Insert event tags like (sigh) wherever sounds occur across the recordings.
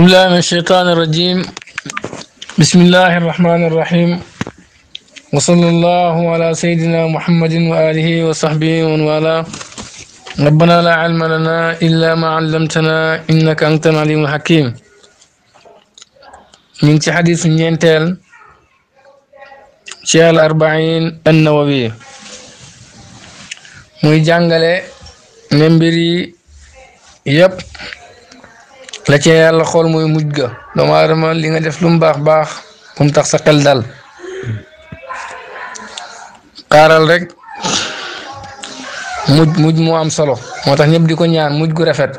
أعوذ بالله من الشيطان الرجيم بسم الله الرحمن الرحيم وصلى الله على سيدنا محمد وآله وصحبه ومن والاه ربنا لا علم لنا إلا ما علمتنا إنك أنت العليم الحكيم من حديث ينتل شيخ الأربعين النووي muy جانغالي نمبري mbir la ci yalla xol moy mujj ga ma aadama li nga def lu mbax bax bu tax sa xel dal karal rek mujj mujj mo am solo motax tax diko di ko ñaan mujj gu rafet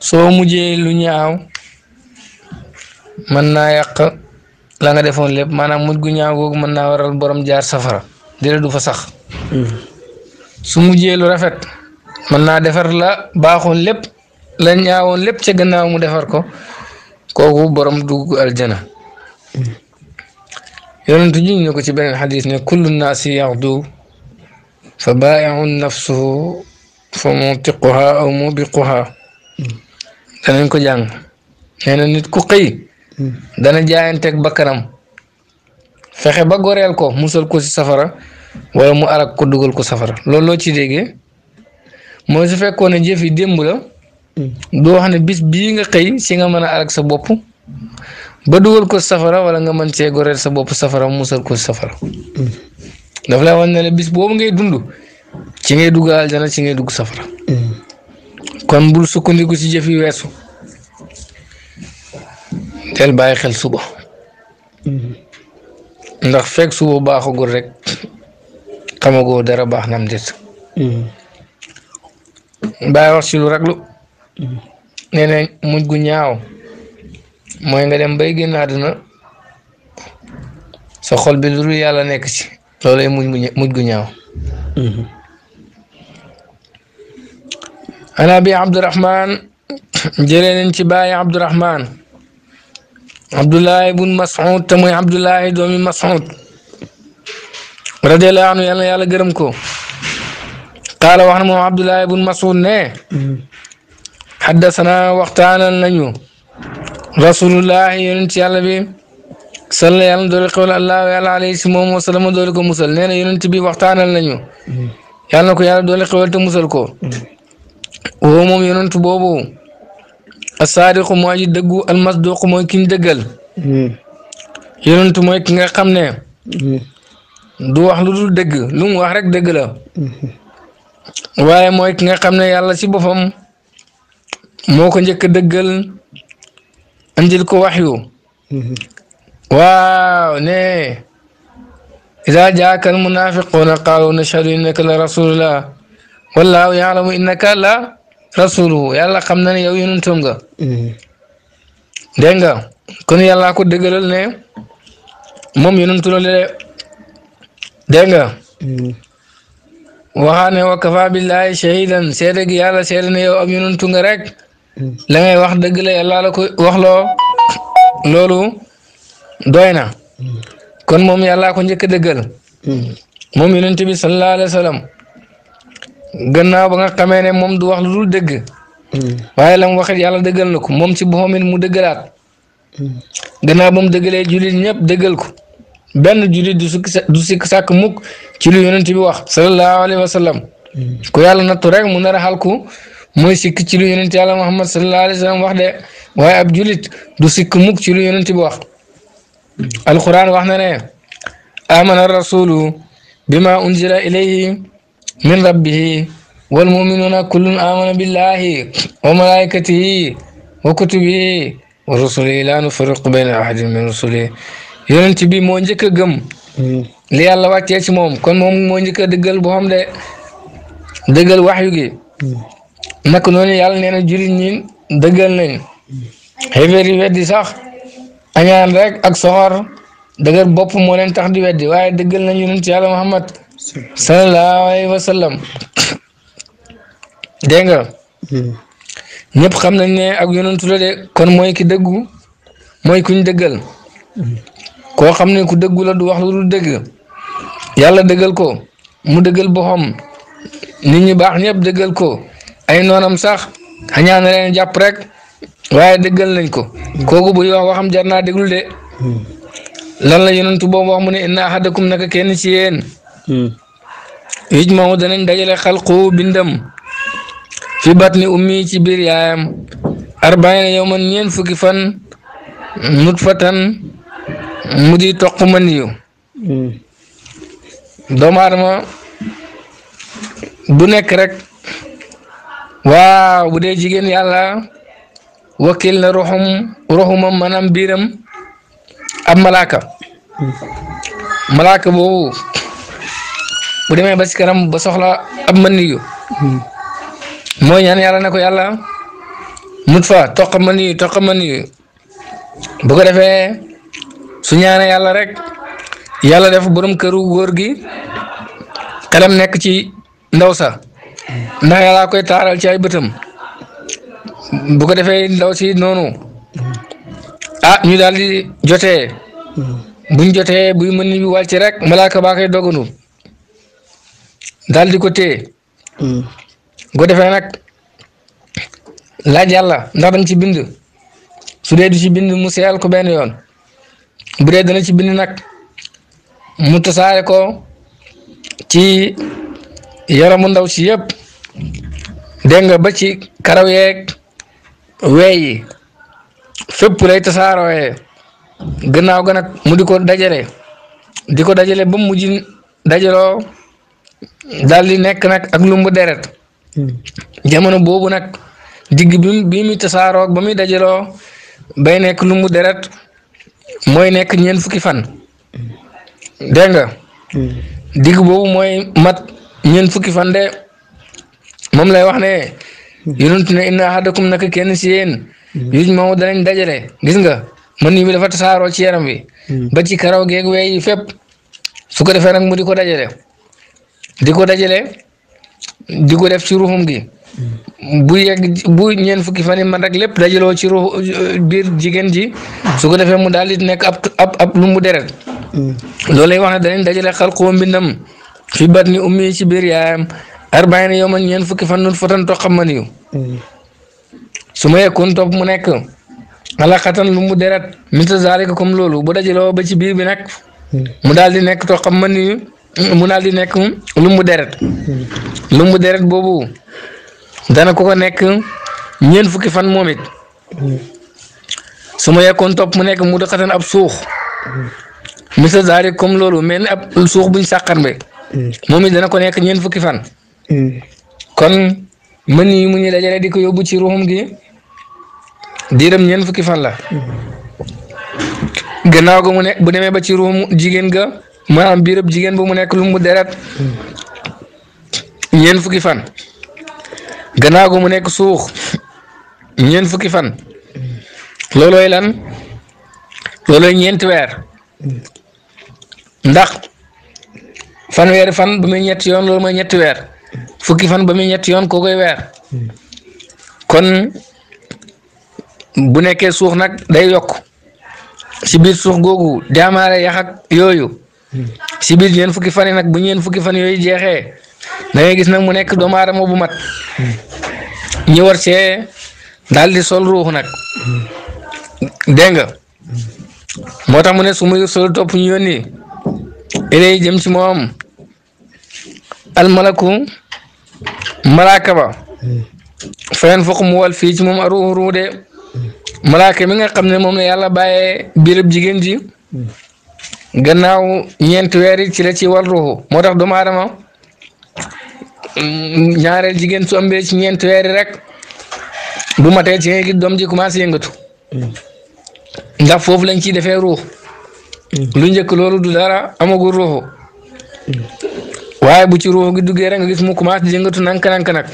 so mujjé lu ñaaw man na yaq la nga defon lepp manam mujj gu ñaaw gog man na waral borom jaar safara dina du fa sax hmm. su mujjé lu rafet man na defar la baxon lepp la ñaawoon lépp ca gannaaw mu defar ko kooku borom dugg aljana yonentu ji ñu ko ci beneen xadis ne kullu naasi yaxdu fa baaiu nafsuhu fa muntiquha aw mubiquha danañ ko jàng nee na nit ku xëy dana jaayanteeg bakkanam fexe ba goreel ko musal ko si safara wala mu arak ko dugal ko safara loolu loo ci déggee mooy su fekkoon ne jëf yi doo xam ne bis bii nga xëy si nga man a alag sa bopp ba dugal ko safara wala nga mën cee goreel sa bopp safara musal ko safara daf lay wan ne bis boobu ngay dund ci ngay dugg aljana ci ngay dugg safara kon bul sukkandiku si jëf weesu teel bàyyi xel suba ndax fekk suba baaxagul rek xamagoo dara baax na am déet hmm. bàyyi wax si lu raglu Neneng nañ gu ñaaw moy nga dem bay génn àdduna sa xol bi lu yalla nek ci lolay mujj gu ñaaw mhm. ana bi abdurahman jere nañ ci baye abdurahman abdullah bun mas'ud te mooy abdullahi doomi mas'ud radiyallahu anhu yalla yalla gërem ko qala wa na bun mas'ud ne mhm. xaddasana waxtaanal nañu rasulullahi yonent yàlla bi salla yàlla doole xewal allahu yàlla alayhi si moom wasalama doole musal nee na yonent bi waxtaanal nañu yàlla na ko yàlla doole xewal musal ko woo moom yonent boobu asaadiqu mooy ji dëggu almasduqu mooy ki ñu dëggal yonent mooy ki nga xam ne du wax lu dul dëgg lu mu wax rek dëgg (laughs) waaye mooy ki nga xam ne yàlla si moo ko njëkk a dëggal andil ko waxyu waaw ne ida jaaka al munafiquuna qaalu nashhadu innaka la rasulullah wallaahu yaalamu innaka la rasuluhu yàlla xam na ne yow yonentam kon yàlla ko dëggalal ne moom yonentu la wa kafa billahi shahidan seede gi yàlla seede ne yow rek la ngay wax dëgg la yàlla wax ko loolu doy na kon moom yàllaa ko njëkk a dëggal moom yonent bi sallallahu alayhi wa gannaaw ba nga xamee ne moom du wax lu dul dëgg waaye la waxit yàlla dëggal na ko moom ci boppam it mu dëggalaat gannaaw ba mu dëggalee jullit ñëpp dëggal ko benn jullit du sukk du sikk sàkk mukk ci lu yonent wax sallallahu alayhi wa sallam ku nattu rek mu nar a ku mooy sikk ci lu yonent yàlla Muhammad sallallahu alayhi wa sallam wax de waaye ab julit du sikk mukk ci lu yonent bi wax alquran wax na ne amana rasulu bima unzila ilayhi min rabbihi wal muminuna kullun amana billahi wa malaikatihi wa kutubihi wa rusulihi la nufarriqu bayna ahadin min rusulihi yonent bi moo njëkk a gëm li yàlla wàccee ci moom kon moom moo njëkk a dëggal boo xam de dëggal waxyu gi nak noonu yàlla nee na jurit ñi dëggal nañ xéeféer yi weddi sax añaan rek ak soxor dëgër bopp moo leen tax di weddi waaye dëggal nañ yonent yàlla Muhammad sallallahu alayhi wa ñépp xam nañ ne ak yonentu la de kon mooy ki dëggu mooy kuñ dëggal koo xam ne ku dëggu la du wax lu dul dëgg yàlla dëggal ko mu dëggal boppam nit ñi baax ñëpp dëggal ko ay noonam sax xañaan leen jàpp rek waaye dëggal nañ ko kooku buy wax waxam jar naa déglu de lan la yonentu boobu wax mu ne inna ahadakum naka kenn ci yéen yujmau danañ dajale xalqu bindam fi batni ummi ci biir yaayam arbaina yawman ñeen fukki fan nutfatan mu di toq ma niyu hmm. doomu aadama bu nekk rek waaw bu dee jigéen yàlla wakil na ruxum ruxumam maanaam biiram ab malaaka malaaka boobu bu demee ba si kanam ba soxla ab mën niyu mooy ñaan yàlla na ko yàlla mut fa toq mën niyu toq mën niyu bu ko defee su ñaane yàlla rek yàlla def borom këru góor gi xelam nekk ci ndaw sa ndax yàlla koy taaral ci ay bëtam bu ko defee ndaw si noonu ah ñu daal di jotee buñ jotee buy mën ni wàcc rek malaaka baa koy dogandu daal di ko téye ko defee nag laaj yàlla ndax danga ci bind su dee du ci bind mu seyal ko benn yoon bu dee dana ci bind nag mu tasaare ko ci yaramu ndaw si yëpp dégg nga ba ci karaw yeeg weeyi fépp lay tasaarooyee gannaaw ga nag mu di ko dajale di ko dajale ba mujj dajaloo daldi nekk nag ak lumbu deret hmm. jamono boobu nag digg bi bi muy tasaaroog ba muy dajaloo bay nekk lumbu deret mooy nekk ñeent fukki fan hmm. dégg nga hmm. digg boobu mooy mat ñeent fukki fan de. moom lay wax ne yonentu ne inna ahadakum naka kenn si yéen yuj moo danañ dajale gis nga mën yi bi dafa saaroo ci yaram wi ba ci karaw geeg weey yi fépp su ko defee nag mu di ko dajale di ko dajale di ko def ci ruuxum gi bu yegg bu ñeen fukki fan yi man rek lépp dajaloo ci ruux biir jigéen ji su ko defee mu daal di nekk ab ab mu deret mm. loolu lay wax ne danañ dajale xal xalqoo mbindam fi batni ummi ci biir yaayam arbaina yawman ñeent fukki fan nun fatan toqam man yu mm. su ma yekkoon topp mu nekk alaxatan lu mu deret misla zalika comme loolu bu dajaloo ba ci biir bi nag mm. mu daal di nekk toqam man yu mu daal di nekk mu deret mm. lu deret boobu dana ko nekk ñeent fukki fan moom su ma yekkoon topp mu nekk mu daxatan ab suux misla zalika comme loolu mel ni ab suux buñ sàqar be moom it dana ko nekk ñeent fukki fan kon mën yi mu ñu dajale di ko yóbbu ci ruhum gi diiram ñen fukki fan la gënaaw ga mu nekk bu démé ba ci ruhum jigen ga am biirab jigen bu mu nekk lu mu dérat ñen fukki fan gënaaw ga mu nekk suux ñen fukki fan loloy lan loloy ñent wër ndax wër fan bu muy ñett yoon loolu mooy ñetti fukki fan ba mi ñetti yoon ko koy weer kon bu nekké suux nak day yok ci biir suux gogu daamaare yax ak yoyu ci biir ñen fukki fan nak bu ñen fukki fan yoyu jeexee da ngay gis nak mu nekk do doomu mo bu mat ñi war ci dal di sol ruux nak dégg nga moo mu ne su muy sol top ñu yoni ilay jëm ci mom al almalaku malaaka ba hmm. fayen foq mu wal fii ci moom aru ruu de malaaka mi nga xam ne moom la yàlla bàyyee biirëb jigéen ji gannaaw ñeenti weer yi ci la ci wal ruuxu moo tax doomu aadama ñaareel jigéen su ëmbee ci ñeenti weer yi rek bu matee ci doom ji commencé yëngatu hmm. ndax foofu lañ ci defee ruux hmm. lu njëkk loolu du dara amagul ruuxu waye bu ci ruux gi duggé rek nga gis mu commencé jëngatu nank nank nak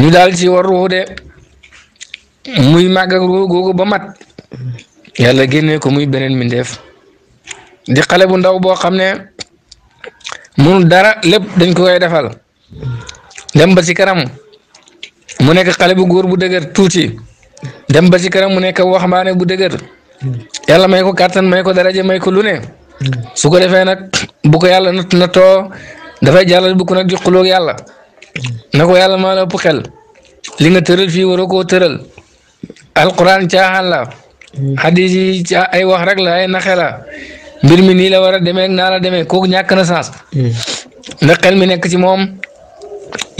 ñu dal ci war ruux dé muy mag ak ruux gogo ba mat yalla génné ko muy benen mindeef di xalé bu ndaw bo xamné mu dara lepp dañ ko koy defal dem ba ci karam mu nek xalé bu goor bu dëgër tuuti dem ba ci karam mu nek waxambaane bu dëgër yalla may ko carton may ko daraja may ko lu ne. su ko defee nag bu ko yàlla natt nattoo dafay jàllal bu nag di xuloog yàlla na ko yàlla maa la ëpp xel li nga tëral fii waroo koo tëral alquran caaxaan la xadis ay wax rek la ay naxe la mbir mi nii la war a demee naa la demee kooku ñàkk na sens ndax mi nekk ci moom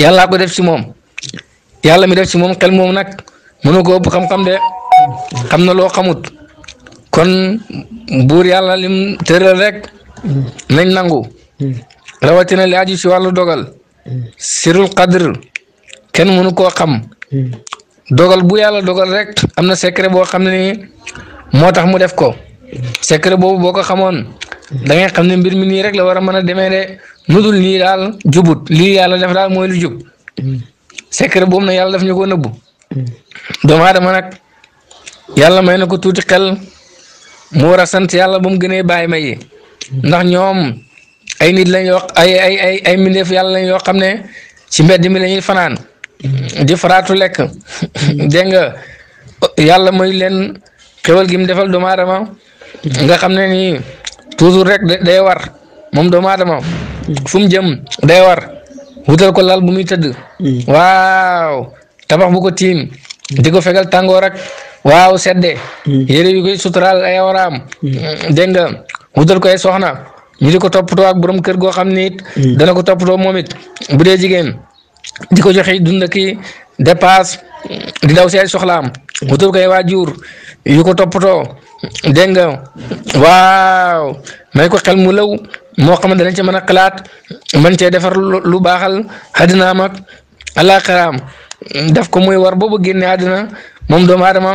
yàllaa ko def ci moom yàlla mi def ci moom xel moom nag mënu ko ëpp xam-xam de xam na loo xamut kon buur yàlla lim tëral rek nañ nangu hmm. rawatina li aju si wàllu dogal hmm. sirul qadr kenn mënu koo xam hmm. dogal bu yàlla dogal rek am na secret boo xam ne ni moo tax mu def ko secret boobu boo ko xamoon da ngay xam ne mbir mi nii rek la war a mën a demee de nu dul nii daal jubut lii yàlla def daal mooy lu jub secret boobu na yàlla def ñu ko nëbbu doomu aadama nag yàlla may ko tuuti xel. mu war a sant yàlla ba mu gënee bàyyi ma ndax ñoom ay nit lañ yoo ay ay ay ay yàlla lañ yoo xam ne ci mbedd mi la fanaan di faraatu lekk dégg nga yàlla mooy leen xewal gi mu defal doomu nga xam ne nii toujours rek day war moom doomu aadama fu mu jëm day war wutal ko lal bu muy tëdd mm. waaw tabax bu ko tiim di ko fegal tàngoo rek waaw sedde hmm. yére yu koy suturaal ay awraam hmm. Hmm, dégg nga ko ay soxna ñu di ko toppatoo ak borom kër goo xam ne dana ko toppatoo moom it bu dee jigéen di ko joxe dund ki dépasse di daw si ay soxlaam wutal ko ay waajur yu ko toppatoo dégg nga waaw may ko xel mu law moo xam ne danañ ci mën a xalaat mën cee defar lu baaxal àddinaam ak àllaaxiraam daf ko muy war boobu génne àddina moom doomu aadama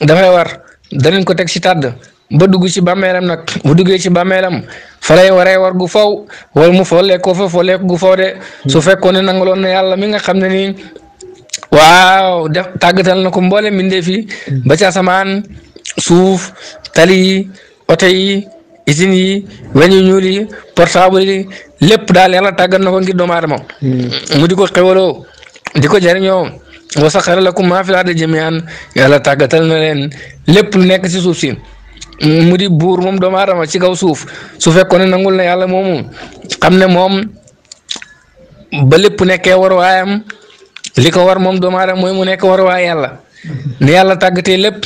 dafay war danañ ko teg ci tàdd ba dugg ci bàmmeelam nag bu duggee ci bàmmeelam fa lay waree war gu faw wala mu foolee ko fa foolee gu faw de hmm. su fekkoon ne nangaloon na yàlla mi nga xam ne nii waaw def tàggatal na ko mboole mbindeef fi hmm. ba ci asamaan suuf tali yi oto yi usines yi weñ yu ñuul yi portable yi lépp daal yàlla tàggat na ko ngir doomu aadama hmm. mu di ko xewaloo di ko jëriñoo wa saxara lakum maa fi l-ardi jamii'an yàlla tàggatal na leen lépp lu nekk si suuf si mu di buur moom doomu adama ci kaw suuf su fekkoon ne nangul na yàlla moomu xam ne moom ba lépp nekkee waruwaayam li ko war moom doomu aadama mooy mu nekk waruwaay yàlla ni yàlla tàggatee lépp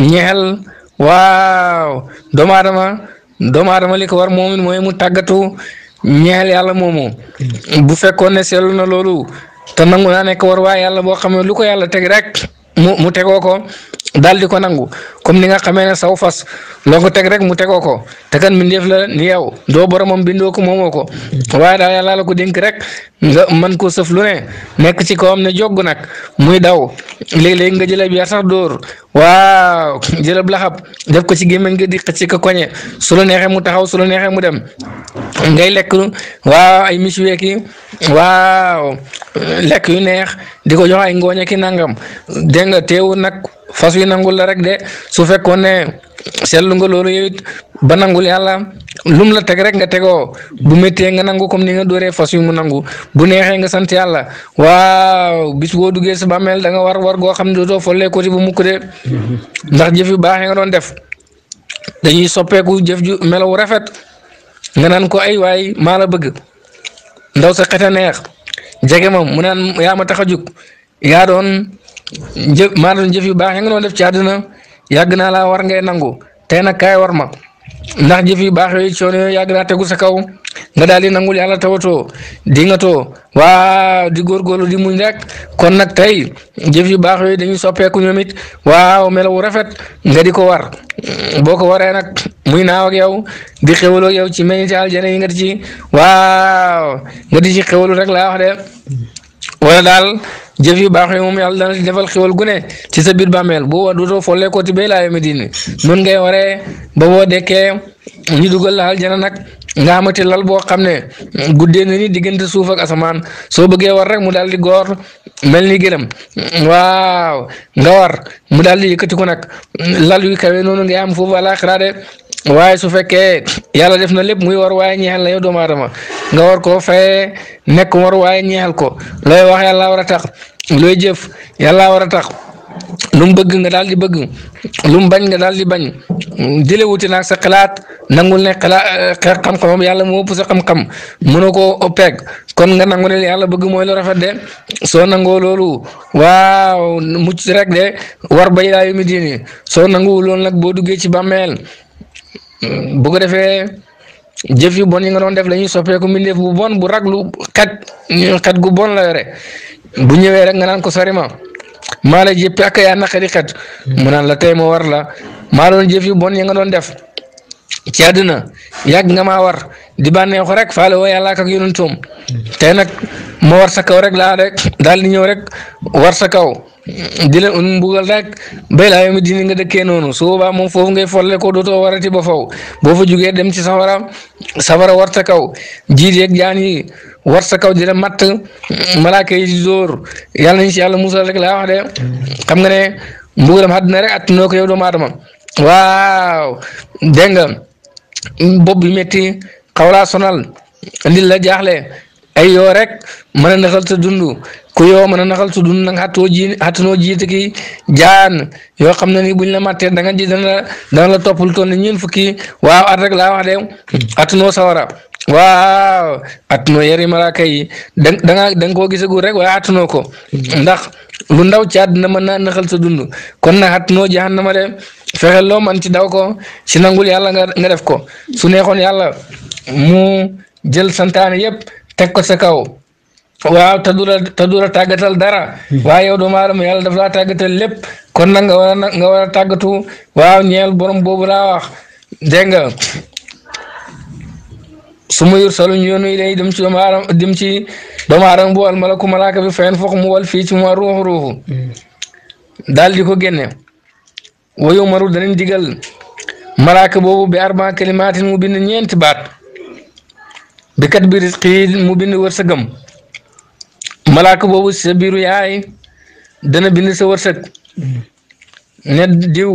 ñeexal waaw doomu adama doomu aadama li ko war moom mooy mu tàggatu ñeexal yàlla moomu hmm. bu fekkoon ne seetlu na loolu. te nangu naa nekk war waay yàlla boo xam lu ko yàlla teg rek mu mu tegoo ko daal di ko nangu comme ni nga xamee ne saw fas loo ko teg rek mu teg oko te mbindeef la ni yow doo boromam bindoo ko moomoo ko waaye daal yàlla ko dénk rek nga mën koo sëf lu ne nekk ci kawam ne jogg nag muy daw léeg nga jëlab yar sax dóor waaw jëlab laxab def ko ci gémmiñ nga di xëcc ko koñe su la neexee mu taxaw su la neexee mu dem ngay lekk waaw ay misuweek yi waaw lekk yu neex di ko jox ay ngooñe nangam dégg nga teewul nag fas wi nangul la rek de su fekkoon ne seetlu nga loolu yow it ba nangul yàlla lum la teg rek nga tegoo bu mettee nga nangu comme ni nga dooree fas yu mu nangu bu neexee nga sant yàlla waaw bis boo duggee sa bàmmeel da nga war war goo xam ne dootoo follee ko ci bu mukk ndax jëf yu baax nga doon def dañuy soppeeku jëf ju melaw rafet nga naan ko ay waay maa la bëgg ndaw sa xet a neex jege ma mu naan yaa tax a jug yaa doon jëf maa doon jëf yu baax nga doon def ci àddina yàgg naa laa war ngay nangu tey nag kaay war ma ndax jëf yu baax yooyu coono yooyu yàgg naa tegu sa kaw nga daal di nangul yàlla tawatoo di nga too waaw di góorgóorlu di muñ rek kon nag tey jëf yu baax yooyu dañuy soppeeku ñoom it waaw melawu rafet nga di ko war boo ko waree nag muy naaw ak yow di xéwaloo yow ci meññi aljana yi nga di ci waaw nga di ci xéwalu rek la wax de wala daal. jëf yu baax yi moom yàlla dana ci defal xéwal gu ne ci sa biir bàmmeel boo war dootoo follee ko ci bay laa yemi diin noonu ngay waree ba boo dekkee ñu dugal la aljana nag nga xamante lal boo xam ne guddee na ni diggante suuf ak asamaan soo bëggee war rek mu daal di góor mel ni gëlëm waaw nga war mu daal di yëkkati ko nag lal yu kawe noonu ngay am foofu àlaaxira de waaye su fekkee yàlla def na lépp muy war waaye ñeexal la yow doomu aadama nga war koo fayee nekk war waaye ñeexal ko looy wax yàlla war a tax looy jëf yàlla war a tax lu bëgg nga daal di bëgg lu bañ nga daal di bañ jëlee wuti naag sa xalaat nangul ne xalaat eh, xam-xamam yàlla moo ëpp sa xam-xam mënoo koo kon nga nangu ne yàlla bëgg mooy lu rafet de soo nangoo loolu waaw mucc rek de war bay laa yu mi diini soo nanguwul loolu nag boo duggee ci bàmmeel bu ko defee jëf yu bon yi nga doon def lañuy ñuy soppeeku mbindeef bu bon bu raglu xet xet gu bon la yore bu ñëwee rek nga naan ko sori ma maa la jëpp ak yaa naqari xet mu naan la tey ma war la maa doon jëf yu bon yi nga doon def ci àddina yàgg nga maa war di bànneexu rek faale woo yàlla ak ak yonentoom tey nag ma war sa kaw rek laa daal di ñëw rek war sa kaw. di leen un mbugal rek bay laa yomi dini nga dëkkee noonu su boobaa moom foofu ngay folle ko dootoo warati ba faw boo fa jugee dem ci safara safara warta kaw jiit yeeg jaan warta kaw di la matt malaaka yi di dóor yàlla nañ si yàlla musal rek laa wax de xam nga ne mbugalam àddina rek at noo ko yow doomu aadama waaw dégg nga bopp bi xawlaa sonal li la jaaxle ay yoo rek mën a naxal sa dund ku yow mën a naxal su dund nag xattoo ji xattanoo jiite ki jaan yoo xam ne ni buñ la màttee da nga ji dana dana la toppal toon ne ñeen fukki waaw at rek laa wax de attanoo sawara waaw attanoo yari malaaka yi da nga da nga koo gisagul rek waaye attanoo ko ndax lu ndaw ci àddina mën naa naxal sa dund kon nag xattanoo jahannama de fexe loo man ci daw ko ci nangul yàlla nga def ko su neexoon yàlla mu jël santaane yëpp teg ko sa kaw waaw te du tàggatal dara hmm. waaye yow doomu aadama yàlla daf laa tàggatal lépp kon na nga war a nga war waaw ñeel borom boobu laa wax dégg nga su ma yor saluñ yoonu dem ci doomu aadama dem ci doomu aadama bu wal mu wal fii ci mu ruuxu ruuxu hmm. daal ko génne wayu maru danañ digal malaaka boobu bi arba kalimaatin mu bind ñeenti baat bi kat bi risqi mu bind wërsëgam मलाक बहुत सबीरु याय दन बिन्दस वर्षक ने दिव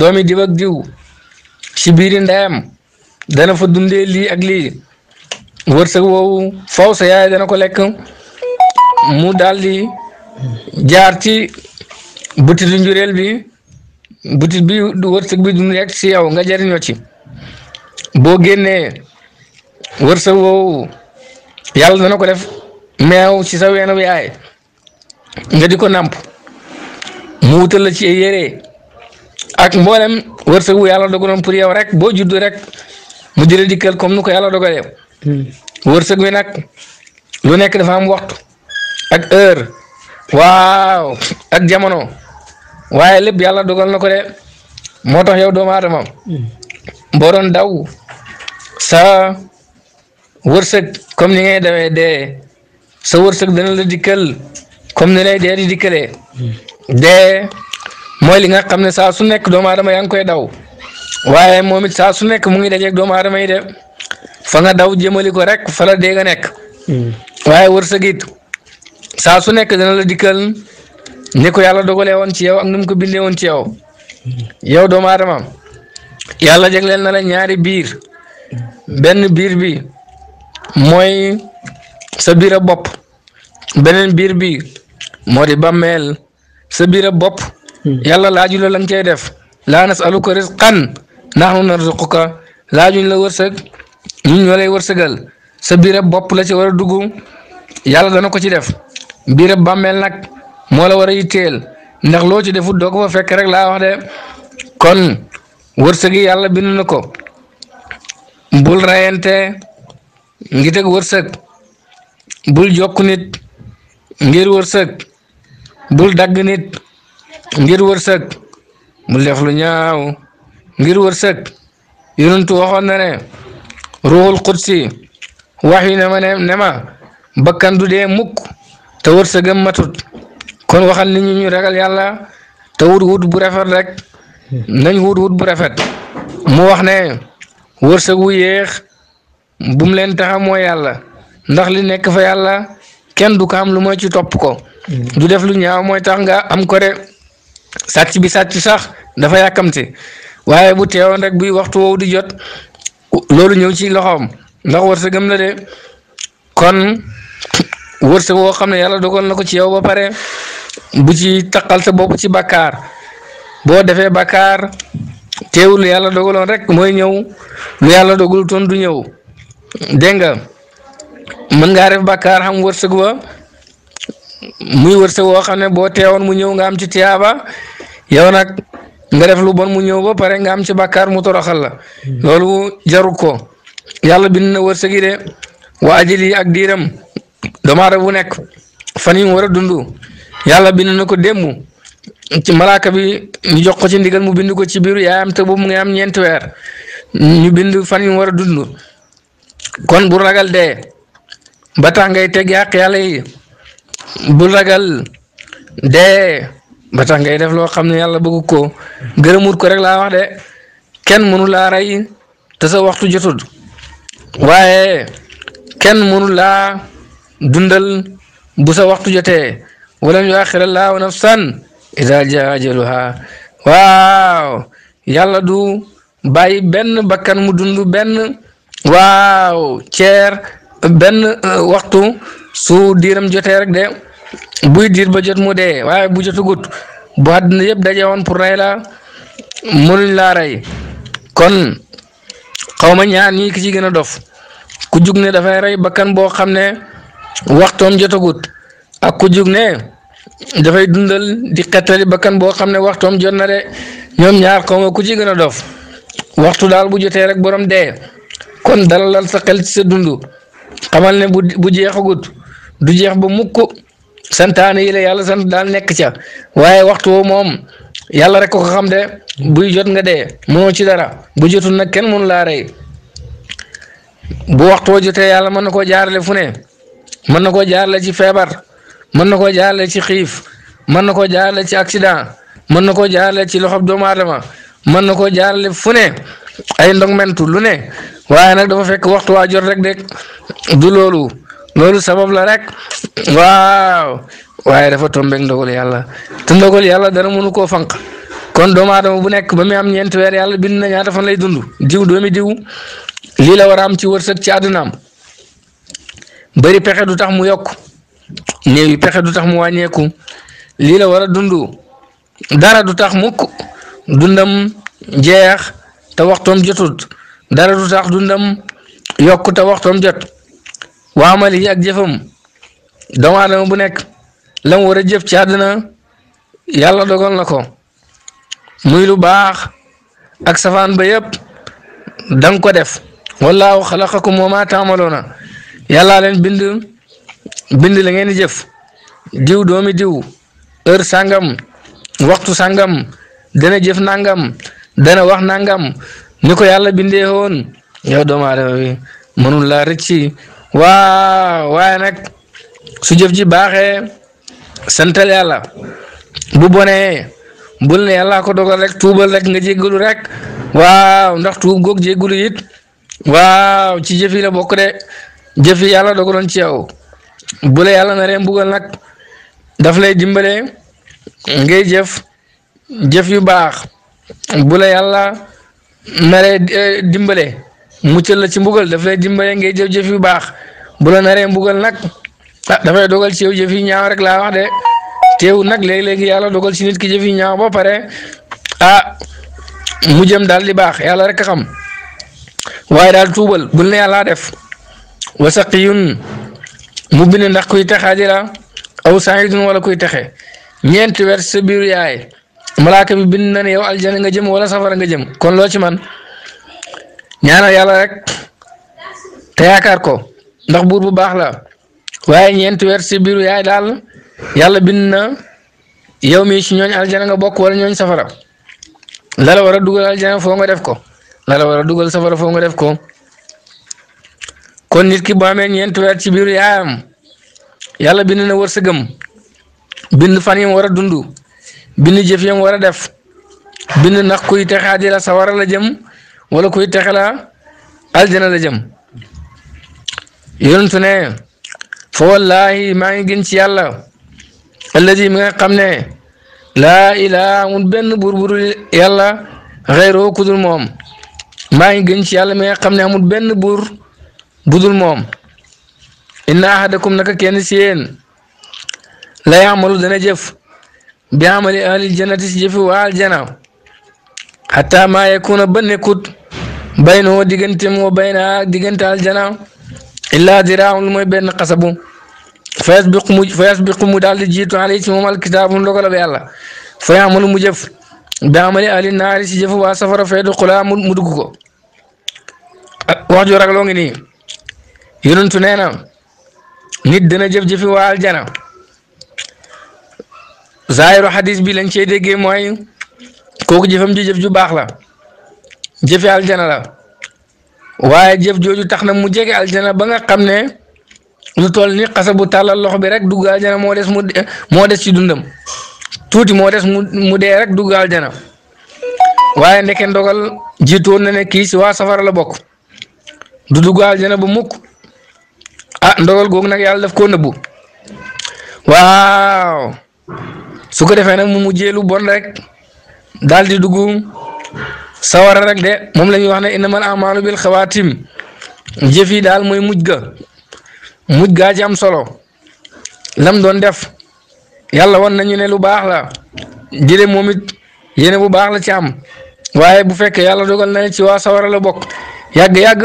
दोमी दिवक दिव शिबीरिन डैम दन फुदुंदे ली अगली वर्षक वो फाउस याय दन को लेकं मुंह डाल ली जार्ची बुटी दुंजुरेल भी बुटी भी वर्षक भी दुंजुरेल सी आऊंगा जरिन वाची बोगे ने वर्षक वो याल दन को लेफ meew ci sa weenu yaay nga di ko nàmp mu wutal la ci yére ak mboolem wërsëg wu yàlla dogaloon pour yow rek boo juddu rek mu jëlee dikkal comme nu ko yàlla dogalee hmm. wërsëg wi nag lu nekk dafa am waxtu ak heure waaw ak jamono waaye lépp yàlla dogal na ko de moo tax yow doomu aadama hmm. boo doon daw sa wërsëg comme ni ngay dawee dee sewer dana la comme ni lay dee di dikkalee dee mooy li nga xam ne saa su nekk doomu aadama yaa ngi koy daw waaye moom it saa su nekk mu ngi dajeeg doomu aadama yi de fa nga daw jëmali ko rek fa la dee nga nekk waaye wërsëg it saa su nekk dana la dikkal ni ko yàlla dogalee woon ci yow ak ni mu ko bindee woon ci yow yow doomu aadama yàlla jagleel na la ñaari biir benn biir bi mooy sa biir a bopp beneen biir bi moo di bàmmeel sa biir bopp hmm. yàlla laaju la lan cay def laa nasaluka rizqan nahnu narzuquka laajuñ la wërsëg ñun ñoo lay wërsëgal sa biir a bopp la ci war a dugg yàlla dana ko ci def biir bàmmeel nag moo la war a yitteel ndax loo ci defut doo ko fa fekk rek la wax de kon wërsëg yi yàlla bind na ko mbul rayante ngi teg bul jokk nit ngir wërsëk bul dagg nit ngir wërsëg bul def lu ñaaw ngir wërsëg yonentu waxoon na ne ruuxul wax yu ne ma ne ma bakkan du dee mukk te wërsëgam matut kon waxal nit ñi ñu ragal yàlla te wut wut bu rafet rek nañ wut wut bu rafet mu wax ne wërsëg wu yéex bum leen taxa mooy yàlla ndax li nekk fa yàlla kenn du ko am lu mooy ci topp ko mm. du def lu ñaaw mooy tax nga am ko de sàcc bi sàcc sax dafa yàkkamte waaye bu teewoon rek buy waxtu woowu di jot loolu ñëw ci loxoom ndax wërsëgam la de kon wërsëg woo xam ne yàlla dogal na ko ci yow ba pare bu ci taqal sa bopp ci bakkaar boo defee bakkaar teewul yàlla dogaloon rek mooy ñëw lu yàlla dogalu toon du ñëw dégg mën ngaa def bàkkaar xam wërsëg wa muy wërsëg woo xam ne boo teewoon mu ñëw nga am ci tiyaaba yow nag nga def lu bon mu ñëw ba pare nga am ci bàkkaar mu toroxal la loolu jarut ko yàlla bind na wërsëg yi de waa ajil ak diiram doomu aadama bu nekk fan yi mu war a dund yàlla bind na ko démb ci malaaka bi ñu jox ko ci ndigal mu bind ko ci biiru yaayam te boobu mu ngi am ñeenti weer ñu bind fan yi mu war a dund kon bu ragal dee ba tax ngay teg yàq yàlla bu ragal dee ba ngay def loo xam ne yàlla bëgg ko gërëmut ko rek laa wax de kenn mënu laa rey te waxtu jotul waaye kenn mënu laa dundal bu sa waxtu jotee walan yuaxira laahu nafsan ida jaa ajaluha waaw yàlla du bàyyi benn bakkan mu dund benn waaw ceer benn euh, waxtu su diiram jotee rek de buy diir ba jot mu dee waaye bu jotagut bu àddina yëpp daje woon pour rey la mënuñ laa rey kon xawma ma ñaar ñii ki ci gën a dof ku jug ne dafay rey bakkan boo xam ne waxtoom jotagut ak ku jug ne dafay dundal di xettali bakkan boo xam ne waxtoom jot na de ñoom ñaar xaw ma ku ci gën a dof waxtu daal bu jotee rek borom dee kon dalalal sa xel ci sa dund. xamal ne bu bu jeexagut du jeex ba mukk santaane yi yàlla sant daal nekk ca waaye waxtu woo moom yàlla rek ko xam de buy jot nga dee mënoo ci dara bu jotul nag kenn mënu laa rey bu waxtu woo jotee yàlla mën na koo jaarale fu ne mën na koo jaarale ci feebar mën na koo jaarale ci xiif mën na koo jaarale ci accident mën na koo jaarale ci loxob doomu aadama mën na koo jaarale fu ay ndongmentu lu ne waaye nag dafa fekk waxtu waa jot rek de du loolu loolu sabab la rek waaw waaye dafa tombeek ndogal yàlla te ndogal yàlla dara mënu koo fanq kon doomu aadama bu nekk ba muy am ñeenti weer yàlla bind na ñaata fan lay dund diw doomi diw lii la war a am ci wërsëg ci àddunaam bëri pexe du tax mu yokk néew pexe du tax mu wàññeeku lii la war a dund dara du tax mukk dundam jeex. te waxtoom jotut dara du tax dundam yokk te waxtoom jot waa ak jëfam doomu bu nekk la mu war a jëf ci àddina yàlla dogal na ko muy lu baax ak safaan ba yëpp danga ko def wallaahu xalaqakum wa maa taamaloona yàllaa leen bind bind la ngeen di jëf diw doomi diw heure sàngam waxtu sàngam dana jëf nangam dana wax nangam ni koy yàlla bindee woon yow doomu aadama mënul laa rëcci waaw waaye nag su jëf ji baaxee santal yàlla bu bonee bul ne yàlla ko dogal rek tuubal rek nga jéggalu rek waaw ndax tuub goog jéggalu it waaw ci jëf yi la bokk de jëf yàlla dogaloon ci yow bu la yàlla naree mbugal nag daf lay dimbale ngay jëf jëf yu baax. bu la yàlla naree eh, dimbale muccal la ci mbugal daf lay dimbale ngay jëf-jëf yu baax bu la naree mbugal nag ah dafay dogal ci yow jëf yu ñaaw rek laa wax de teew nag léegi-léegi yàlla dogal ci nit ki jëf ñaaw ba pare ah mu jëm daal di baax yàlla rek a xam waaye daal tuubal bul ne yàlla def wasaqiyun mu bind ndax kuy texaadi la aw saayidun wala kuy texe ñeenti weer sa biiru yaay malaaka bi bind na ne yow aljana nga jëm wala safara nga jëm kon loo ci man ñaanal yàlla rek te yaakaar ko ndax buur bu baax la waaye ñeenti weer si biiru yaay daal yàlla bind na yow mii ci ñooñ aljana nga bokk wala ñooñ safara la war a dugal aljana foo nga def ko la war a dugal safara foo nga def ko kon nit ki bu amee ñeenti weer ci biiru yaayam yàlla bind na wërsëgam bind fan yi mu war a dund bind jëf yam war a def bind ndax kuy texaadi la sawara la jëm wala kuy texe la aljana la jëm yonentu ne fa wallahi maa ngi ci yàlla alladi mi nga xam ne laa ilaha amul benn buur yàlla xayroo kudul moom maa ngi ci yàlla mi nga amul benn buur budul moom inna ahadakum naka kenn si la yamalu dana jëf بعمل إيه؟ أهل الجنة جفوا الجنة حتى ما يكون بنكت بينه ديغنتم وبين ديغنت الجنة إلا ذراع المي بين قصبه فيسبق مج فيسبق مدال الجيت عليه مم الكتاب من لغة الله فيعمل مجف بعمل إيه؟ أهل النار جفوا وسفر فيد قلا مدقه واجو رجلوني يرون تنينا نيد دنا جف جفي والجنة zaahiru xadis bi lañ cey déggee mooy kooku jëfam ji jëf ju baax la jëfe aljana la waaye jëf jooju tax na mu jege aljana ba nga xam ne lu tol ni xasa bu tàllal loxo bi rek dugg aljana moo des mu moo des ci dundam tuuti moo des mu mu dee rek dugg aljana waaye ndeke ndogal jiitoon na ne kii waa safara la bokk du dugg aljana ba mukk ah ndogal googu nag yàlla def koo nëbbu waaw su ko defee nag mu mujjee lu bon rek daal di dugg sawara rek de moom la ñuy wax ne innamal amalu bil xawaatim jëf yi daal mooy muj ga mujj gaa ci am solo lam doon def yàlla won nañu ne lu baax la jële moom yeneen bu baax la ci am waaye bu fekkee yàlla dogal na ci waa sawara la bokk yàgg-yàgg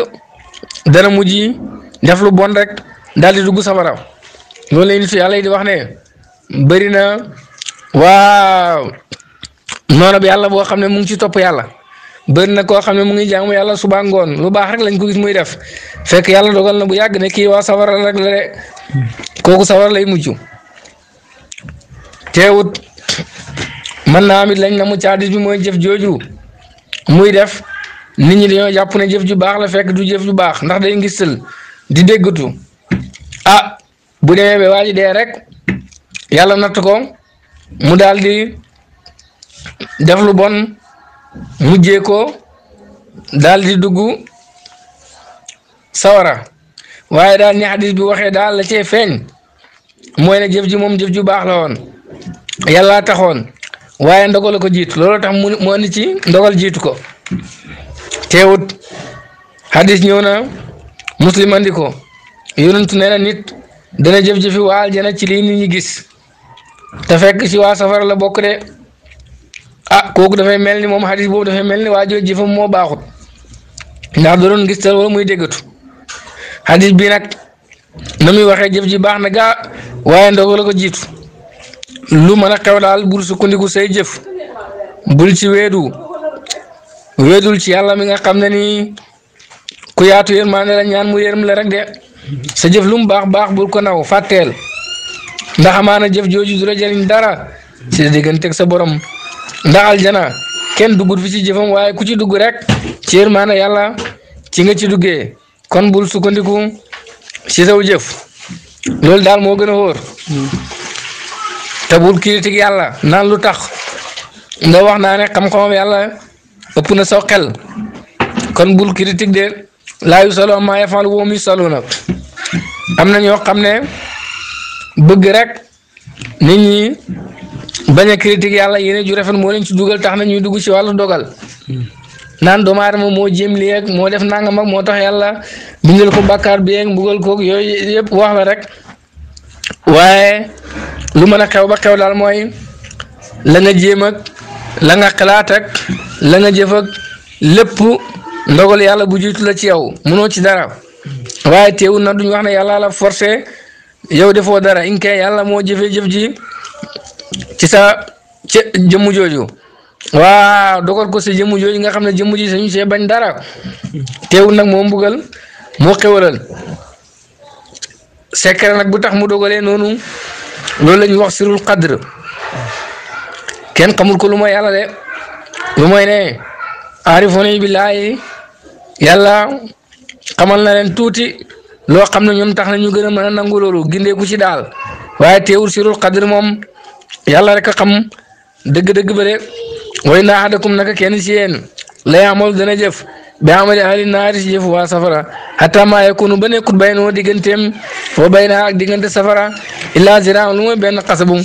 dana mujj def lu bon rek daal di dugg sawara loolu la nit yàlla yi wax ne bëri na waaw noonu bi yàlla boo xam ne mu ngi ci topp yàlla bëri na koo xam ne mu ngi jaamu yàlla suba ngoon lu baax rek lañ ko gis muy def fekk yàlla dogal na bu yàgg ne kii waa sawara rek la de kooku lay mujj teewut mën naa am lañ na mu mooy jëf jooju muy def nit ñi dañoo jàpp ne jëf ju baax la fekk du jëf ju baax ndax day ngistal di déggatu ah bu demee ba waa dee rek yàlla natt ko. mu daal di bon mujjee ko daal di dugg sawara waaye dal ni hadis bi waxee daal la feeñ mooy ne jëf ji moom jëf ju baax la woon yàllaa taxoon waaye ndogal ko jiit loolu tax mu moo ni ci ndogal jiitu ko teewut hadis ñëw na muslim andi ko nit dana jëf-jëfi waal jana ci lii ñi gis te fekk ci waa safara la bokk de ah kooku dafay mel ni moom xadis boobu dafay mel ni waa jooju jëfam moo baaxut ndax da doon gis tal muy déggatu xadis bii nag na muy waxee jëf ji baax na gaa waaye ndox la ko jiitu lu mën a xew daal bul sukkandiku say jëf bul ci weedu weedul ci yàlla mi nga xam ne nii ku yaatu yërmaande la ñaan mu yërëm la rek de sa jëf lu baax baax bul ko naw fàtteel. ndax amaana jëf jooju du jëriñ dara si digganteeg sa borom ndax aljana kenn duggut fi ci jëfam waye ku ci dug rek ci mana yalla ci nga ci duggé kon bul sukandiku ci saw jëf lol dal mo gëna hor tabul te bul critique yàlla lu tax nga wax na ne xam xam yalla ëpp na so xel kon bul critique de la solo ma yafalu wa mi solo nag am na ñoo xam bëgg rek nit ñi bañ a critique yàlla yéene ju rafet moo leen ci dugal tax na ñuy dugg ci wàllu dogal naan doomu moo jéem lii moo def nangam ak moo tax yàlla bindal ko bàkkaar bi mbugal koog yooyu yëpp wax rek waaye lu mën a xew ba xew daal mooy la nga jéem ak la nga xalaat ak la nga jëf lépp ndogal yàlla bu jiitu la ci yow mënoo ci dara waaye teewul nag duñ wax ne yàlla la forcé yow di dara in kay yalla moo jëfee jëf ji ci sa jëm joju jooju waaw dogal ko ci jëm jooju nga xamne jëm ji sañu see bañ dara teewul nak mo mbugal mo xewalal sekere nak bu tax mu dogale nonu lolou lañ wax sirul qadr Ken xamul ko luma yalla de lumay ne arifuni billahi yalla xamal na len tuti loo xam ne ñoom tax na ñu gën a mën a nangu loolu gindeeku ci daal waaye teewul sirul xadir moom yàlla rek a xam dëgg-dëgg ba na way kum na naka kenn si yéen lay amal dana jëf bi amali ahli naari si jëf waa safara xataa maa yakunu ba nekkut bay noo digganteem wa bay naa diggante safara illaa zira lu mooy benn xasabu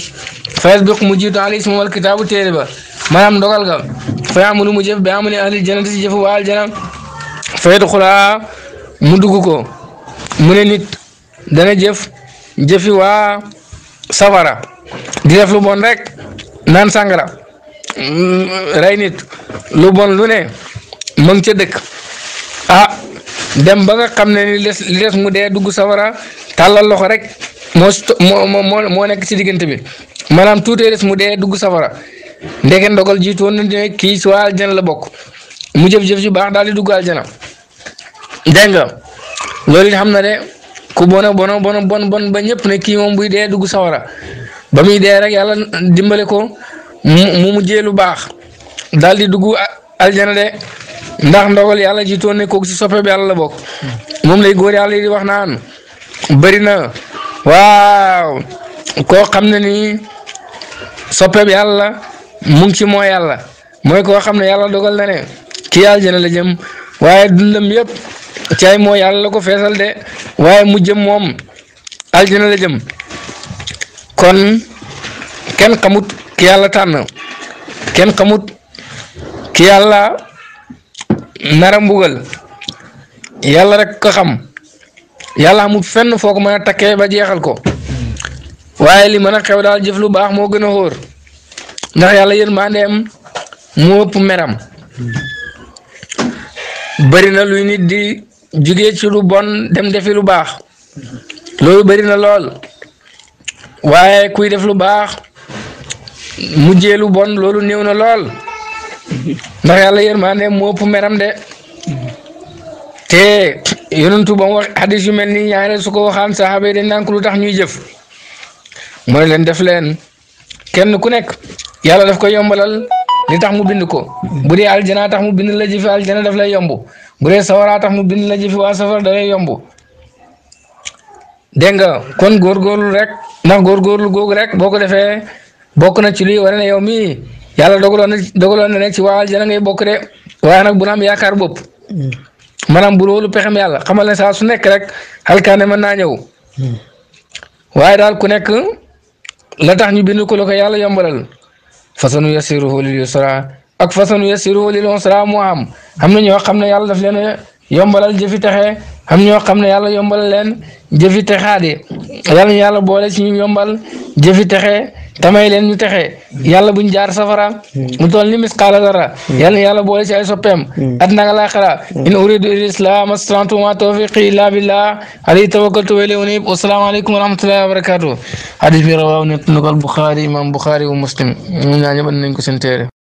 fayas biq mu jiitu ali ismam alkitaabu téere ba maanaam ndogal ga fay amalu mu jëf bi amali ahli janati si jëf waa aljana fayet dugg ko mu ne nit dana jëf jëfiwaa safara di def lu bon rek naan sàngara mm, rey nit lu bon lu ne mu ngi ca dëkk ah dem ba nga xam ne li les mu dee dugg safara tàllal loxo rek moo moo moo moo nekk ci diggante bi maanaam tuutee res mu dee dugg safara ndeke ndogal jiitu woon na ne kii si waa aljana la bokk mu jëf-jëf ju baax daal di dugg aljana dégg loolu it xam na de ku bono bono bono bon bon ba ñëpp ne kii moom buy dee dugg sawara ba muy dee rek yàlla dimbale ko mu mujjee lu baax daal di dugg aljana de ndax ndogal yàlla ji toon ne kooku si soppe bi yàlla la bokk moom lay góor yàlla yi di wax naan bëri na waaw koo xam ne nii soppe bi yàlla mu ngi ci moo yàlla mooy koo xam ne yàlla dogal na ne kii aljana la jëm waaye dundam yëpp caay moo yàlla la ko feesal de waaye mu jëm moom aljana la jëm kon kenn xamut ki yàlla tànn kenn xamut ki yàlla nara mbugal yàlla rek ko xam yàlla amut fenn foo ko mën a takkee ba jeexal ko waaye li mën a xew daal jëf lu baax moo gën a xóor ndax yàlla yërmandeem moo ëpp meram bari luy nit di jugee ci lu bon dem defi lu baax loolu bëri na lool waaye kuy def lu baax mu lu bon loolu néew na lool ndax yàlla yërmaande moo ëpp meram de te yonentu ba mu wax yu mel nii ñaare su ko waxaan saxaaba yi dañ tax ñuy jëf mooy leen def leen kenn ku nekk yàlla def ko yombalal li tax mu bind ko bu dee aljana tax mu bind la jëfe aljana def lay yomb bu dee sawaraa tax mu bind la jëfi waa safara yomb dégg nga kon góorgóorlu rek ndax góorgóorlu googu rek boo ko defee bokk na ci luy wane na yow mii yàlla dogaloon na dogaloon na ne ci waa aljana ngay bokk de waaye nag bu na am yaakaar bopp hmm. maanaam bu loolu pexem yàlla xamal ne saa su nekk rek alkaane mën naa ñëw hmm. waaye daal ku nekk la tax ñu bind ko la yàlla yombalal fasanu yasiruhu lil yusra ak façon yassiru lil usra mu am xam na ñoo xam ne yàlla daf leen a yombalal jëfi texe xam ñoo xam ne yàlla yombalal leen jëfi texaade yàlla ñu yàlla boole ci ñu yombal jëfi texe tamay leen ñu texe yàlla buñ jaar safara mu toll ni misqaala dara yàlla yàlla boole ci ay soppeem adna ak laaxira in uridu il islam astantu ma tawfiqi illa billah alayhi tawakkaltu wa ilayhi unib assalaamu aleykum wa rahmatullahi wa barakatuh hadis bi rawaahu nekk na ko al buxaari imam buxaari wa muslim ñun ñaa ñëpp nañ ko seen téere